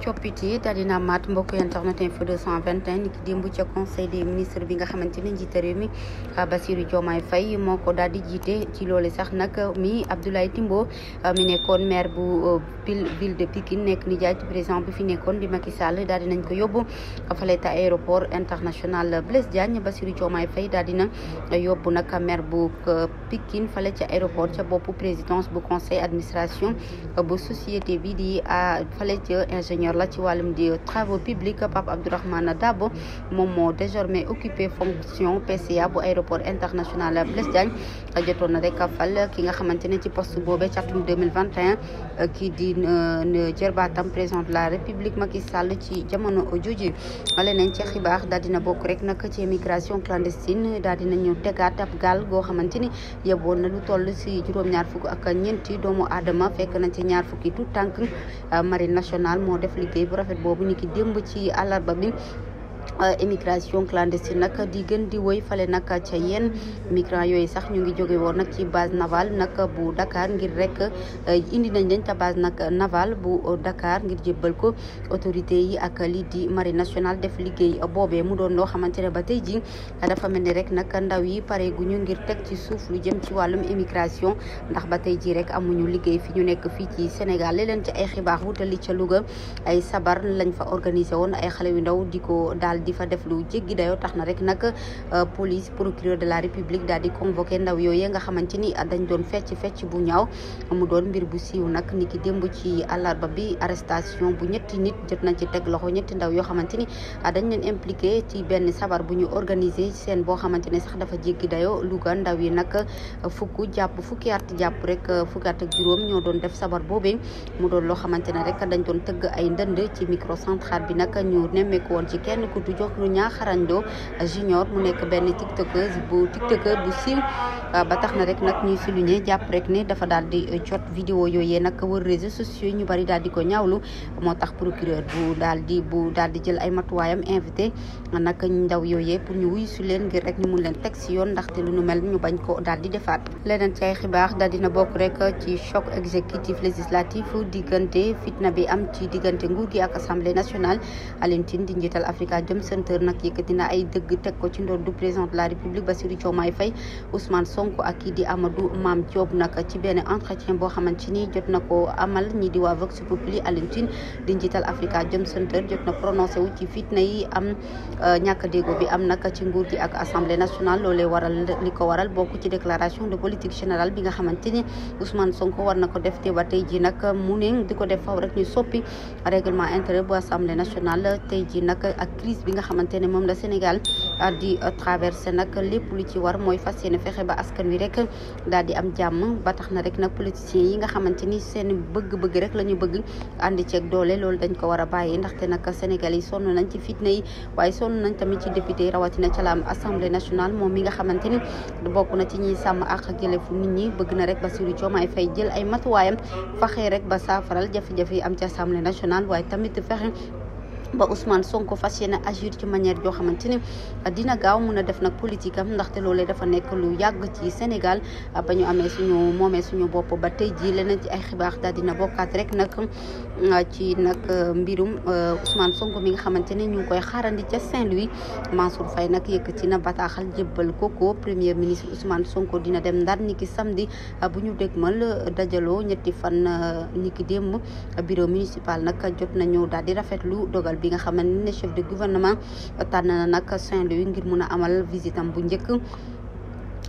coppite yi daal dina maat mbokk internet info 221 niki démb ca conseil des ministres bi nga xamante ne njiité réew mi ah, Bassirou Diomaye Faye moo ko daal di jiite ci loolu sax nag mi Abdoulaye Timbo ah, mi nekkoon maire bu euh, ville de Pikine nekk nijaay ci président bi fi nekkoon di Macky Sall daal ko yóbbu fale ta aéroport international Blaise Diagne Bassirou Diomaye Faye daal na yóbbu nag maire bu euh, Pikine fale ca aéroport ca boppu présidence bu conseil administration yor la ci wàllum di travaux publics Pape Abdourahmane Dabo moom moo désormais occupé fonction PCA bu aéroport international Blaise Diagne jotoon na rek fal ki nga xamante ne ci poste boobe ci atum 2021 kii di euh, jërbaatam président de la république ma Macky Sall ci jamono jooju leneen ci xibaar daal dina bokk rek nag ci émigration clandestine daal dinañu tegaat ab gaal goo xamante ni yeboon na lu toll si juróom-ñaar fukk ak ñeenti doomu aadama fekk nañ ci ñaar fukki tout tànk marine nationale liggéey bu rafet boobu ni ki démb ci àllarba bi Euh, immigration clandestine nag di gën di woy fale nag ca yéen migrant yooyu sax ñu ngi jóge woon nag ci base navale nag bu Dakar ngir rek euh, indi nañ leen ca base nag navale bu Dakar ngir jébbal ko autorité yi ak lii di marine nationale def liggéey boobee mu doon loo xamante ne ba tey ji dafa mel ni rek nag ndaw yi pare gu ñu ngir teg ci suuf lu jëm ci wàllum immigration ndax ba tey ji rek amuñu liggéey fi ñu nekk fii ci Sénégal leen ci ay xibaar wutali ca Louga ay sabar lañ fa organisé woon ay xale yu ndaw di ko daal di fa def lu jéggi dayoo tax na rek nag euh, police procureur de la république daal di convoqué ndaw yooyu nga xamante ni dañ doon fecc fecc bu ñaaw mu doon mbir bu siiw nag nit ki démb ci àllarba bi arrestation bu ñetti nit jot nañ ci teg loxo ñetti ndaw yoo xamante ni dañ leen impliqué ci benn sabar bu ñu organisé seen boo xamante ne sax dafa jéggi dayoo Louga ndaw yi nag fukk jàpp fukki at jàpp rek fukki at ak juróom ñoo doon def sabar boobee mu doon loo xamante ne rek dañ doon tëgg ay ndënd ci microcentrale bi nag ñu nemmeeku woon ci kenn ku du jox lu ñaa xarando junior mu nekk benn tiktokeuse bu tiktoker bu siiw euh, ba tax na rek nag ñuy souligner jàpp rek ne dafa daal di jot vidéo yooyee nag wër réseaux sociaux ñu bari daal di ko ñaawlu moo tax procureur bu daal di bu daal di jël ay matuwaayam invité nag ndaw yooyee pour ñu wuy su leen ngir rek ñu mun leen teg si yoon ndaxte lu ñu mel ñu bañ ko daal di defaat leneen ci ay xibaar na bokk rek ci choc exécutif législatif diggante fitna bi am ci diggante nguur gi ak assemblée nationale Alioune Tine di njiital dem senteur nag yëkkati na ay dëgg teg ko ci ndoor du président de la république Bassirou Diomaye Faye Ousmane Sonko ak kii di Amadou Mame Diop nag ci benn entretien boo xamante ni jot na ko amal ñi di waa Vox Populi Alioune Tine di njiital Africa Jom Center jot na prononcé wu ci fitna yi am euh, ñàkk déggoo bi am nag ci nguur gi ak assemblée nationale loolee waral li ko waral bokk ci déclaration de politique générale bi nga xamante ni Ousmane Sonko war na ko def te ba tey ji nag mu ne di ko def faw rek ñu soppi règlement intérieur bu assemblée nationale tey bi nga xamante ne moom la Sénégal di euh, traversé nag lépp lu ci war mooy fas yéene fexe ba askan wi rek daal di am jàmm ba tax na rek nag politiciens yi nga xamante ni seen bëgg-bëgg rek la ñu bëgg ànd ceeg doole loolu dañ ko war a bàyyi ndaxte nag Sénégal yi sonn nañ ci fitna yi waaye sonn nañ tamit ci député rawatina ca la am assemblée nationale moom mi nga xamante ni bokk na ci ñiy sàmm ak yelleefu nit ñi bëgg na rek Bassirou Diomaye fay jël ay matuwaayam faxee rek ba saafaral jafe-jafe am ci assemblée nationale waaye tamit fexe ba Ousmane Sonko fas yéene agir ci manière joo xamante ne dina gaaw mun a def nag politique am ndaxte loolee dafa nekk lu yàgg ci Sénégal ba ñu amee suñu moomee suñu bopp ba tey jii leneen ci ay xibaax daal dina bokkaat rek nag euh, ci nag euh, mbirum euh, Ousmane Sonko mi nga xamante ne ñu ngi koy xaarandi ca Saint-Louis Mansour Faye nag ci na bataaxal jëbbal ko ko premier ministre Ousmane Sonko dina dem Ndar niki samedi bu ñu dégmal dajaloo ñetti fan niki démb bureau municipal nag jot nañu daal di rafetlu dogal. bi nga xamante ne chef de gouvernement tànn na nag Saint-Louis ngir mun a amal visitam bu njëkk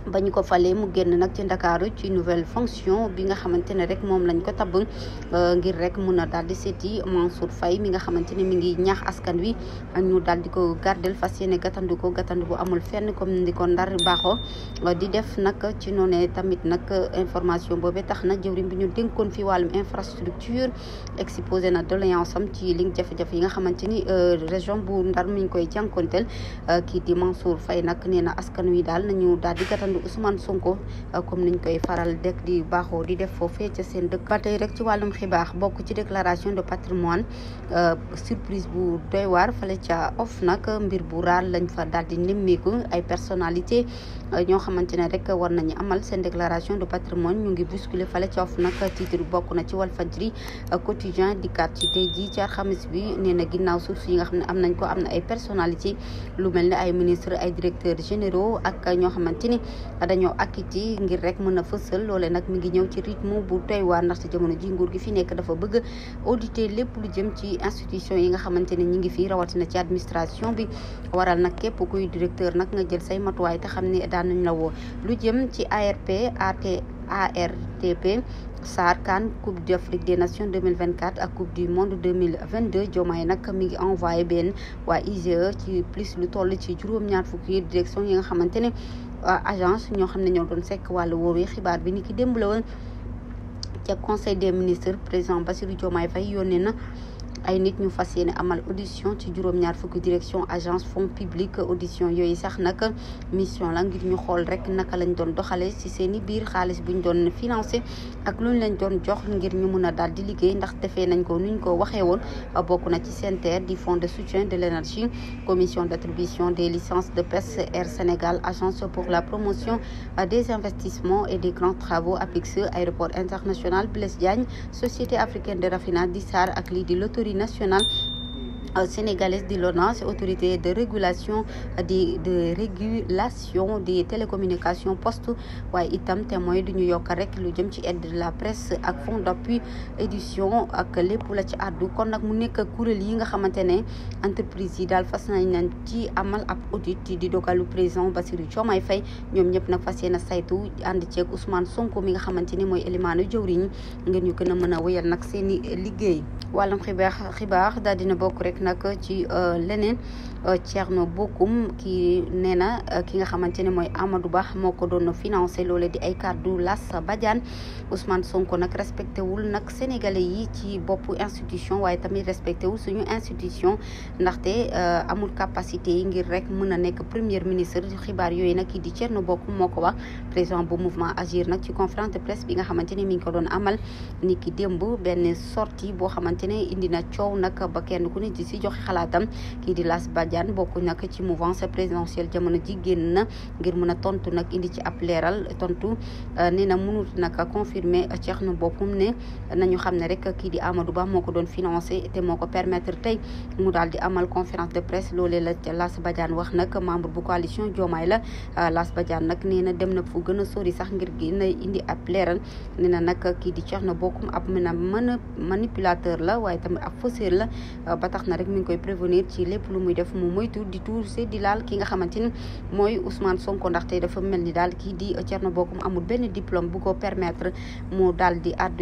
ba ñu ko falee mu génn nag ci ndakaaru ci nouvelle fonction bi nga xamante ne rek moom lañ ko tabb euh, ngir rek mun a daal di seeti Mansour Faye mi nga xamante ne mi ngi ñaax askan wi ñu daal di ko gardel fas yéene gàttandu ko gàttandu bu amul fenn comme ndi ko ndar baaxoo euh, di def nag ci noone tamit nag information boobee tax na jëwriñ bi ñu dénkoon fi wàllum infrastructure exposé na doléance am ci li jafe-jafe yi nga xamante ni euh, région bu ndar mi ngi koy jànkoonteel kii di Mansour Faye nag nee na askan wi daal nañu daal di gàttandu wàllu Ousmane Sonko euh, comme niñ koy faral dek di baaxoo di def foofee ca seen dëkk ba tey rek ci wàllum xibaax bokk ci déclaration de patrimoine euh, surprise bu doy fale ca of nag mbir bu raar lañu fa daal di nemmeeku ay personnalité euh, ñoo xamante ne rek war nañu amal seen déclaration de patrimoine ñu ngi bousculer fale ca of nag titre bokk na ci Walfadjri quotidien di kat ci tey jii ci alxamis bi nee na ginnaaw suuf si nga xam ne am nañ ko am na ay personnalité lu mel ne ay ministre ay directeurs généraux ak ñoo xamante dañoo akki ci ngir rek mën a fësal loole nag mi ngi ñëw ci rythme bu tey waar ndax ci jamono ji nguur gi fi nekk dafa bëgg auditer lépp lu jëm ci institution yi nga xamante ne ñi ngi fii rawatina ci administration bi waral nag képp kuy directeur nag nga jël say matuwaay te xam ne daanañ la woo lu jëm ci ARP AT ARTP SAR CAN Coupe d'Afrique des Nations 2024 ak Coupe du Monde 2022 Diomaye nag mi ngi benn waa IGE ci plus lu toll ci juróom-ñaar fukki direction yi nga xamante ne Euh, agence ñoo xam ne ñoo doon sekk wàllu woowee xibaar bi ni ki démb la woon ca conseil des ministres président Bassirou Diomaye Faye yónnee na ay nit ñu fas yéene amal audition ci juróom-ñaar fukki direction agence fonds public audition yooyu sax nag mission la ngir ñu xool rek naka lañ doon doxale ci seen i biir xaalis buñ doon financé ak luñ lañ doon jox ngir ñu mun a daal di liggéey ndax defee nañ ko nuñ ko waxee woon bokk na ci CNTR di fonds de soutien de l'énergie commission d'attribution des licences de pêche Air Sénégal agence pour la promotion des investissements et des grands travaux APIX aéroport international Blaise Diagne société africaine de raffinage di SAR ak lii di nationale Euh, sénégalaise di l'ONAS autorité de régulation di de régulation des télécommunications poste waaye itam te mooy du ñu yokk rek lu jëm ci aide de la presse ak fonds d'appui édition ak lépp la ci àddu kon nag mu nekk kuréel yi nga xamante ne entreprise yi daal fas nañ ci amal ab audit di dogalu président Bassirou Diomaye Faye ñoom ñëpp nag fas yéene saytu ànd ceeg Ousmane Sonko mi nga xamante ni mooy élimaanu jëwriñ ngeen ñu gën a mën a wéyal nag seen i liggéey wàllum xibaar xibaar bokk rek nag ci euh, leneen euh, na bokkum ki nee na euh, ki nga xamante ne mooy Amadou Ba moo ko doon financé loolee di ay kàddu Las Badiane Ousmane Sonko nag respecté wul nag sénégalais yi ci boppu institution waaye tamit respecté wul suñu institution ndaxte amul capacité yi ngir rek mën a nekk premier ministre xibaar yooyu nag kii di Thierno Bocoum moo ko wax président bu mouvement Agir nag ci conférence de presse bi nga xamante ne mi ngi ko doon amal nit ki démb benn sortie boo xamante ne indi na nag ba kenn ku ne si joxe xalaatam kii di Las Badiane bokk nag ci mouvance présidentielle jamono ji génn na ngir mun a tontu nag indi ci ab leeral tontu euh, nee na mënut nag confirmer ceex na boppam ne nañu xam ne rek kii di Amadou Ba moo ko doon financé te moo ko permettre tey mu daal di amal confirence de presse loolee la Las Badiane wax nag membre bu coalition joomaay la euh, Las Badiane nag nee na dem na fu gën a sori sax ngir gën a indi ab leeral nee na nag kii di ceex na bokkum ab mën a manipulateur la waaye tamit ab faussaire la euh, ba na rek mi koy prévenir ci lépp lu muy def mu moytu di tuuse di laal ki nga xamante ni mooy Ousmane Sonko ndaxte dafa mel ni daal ki di Thierno Bocoum amul benn diplôme bu ko permettre mu daal di àddu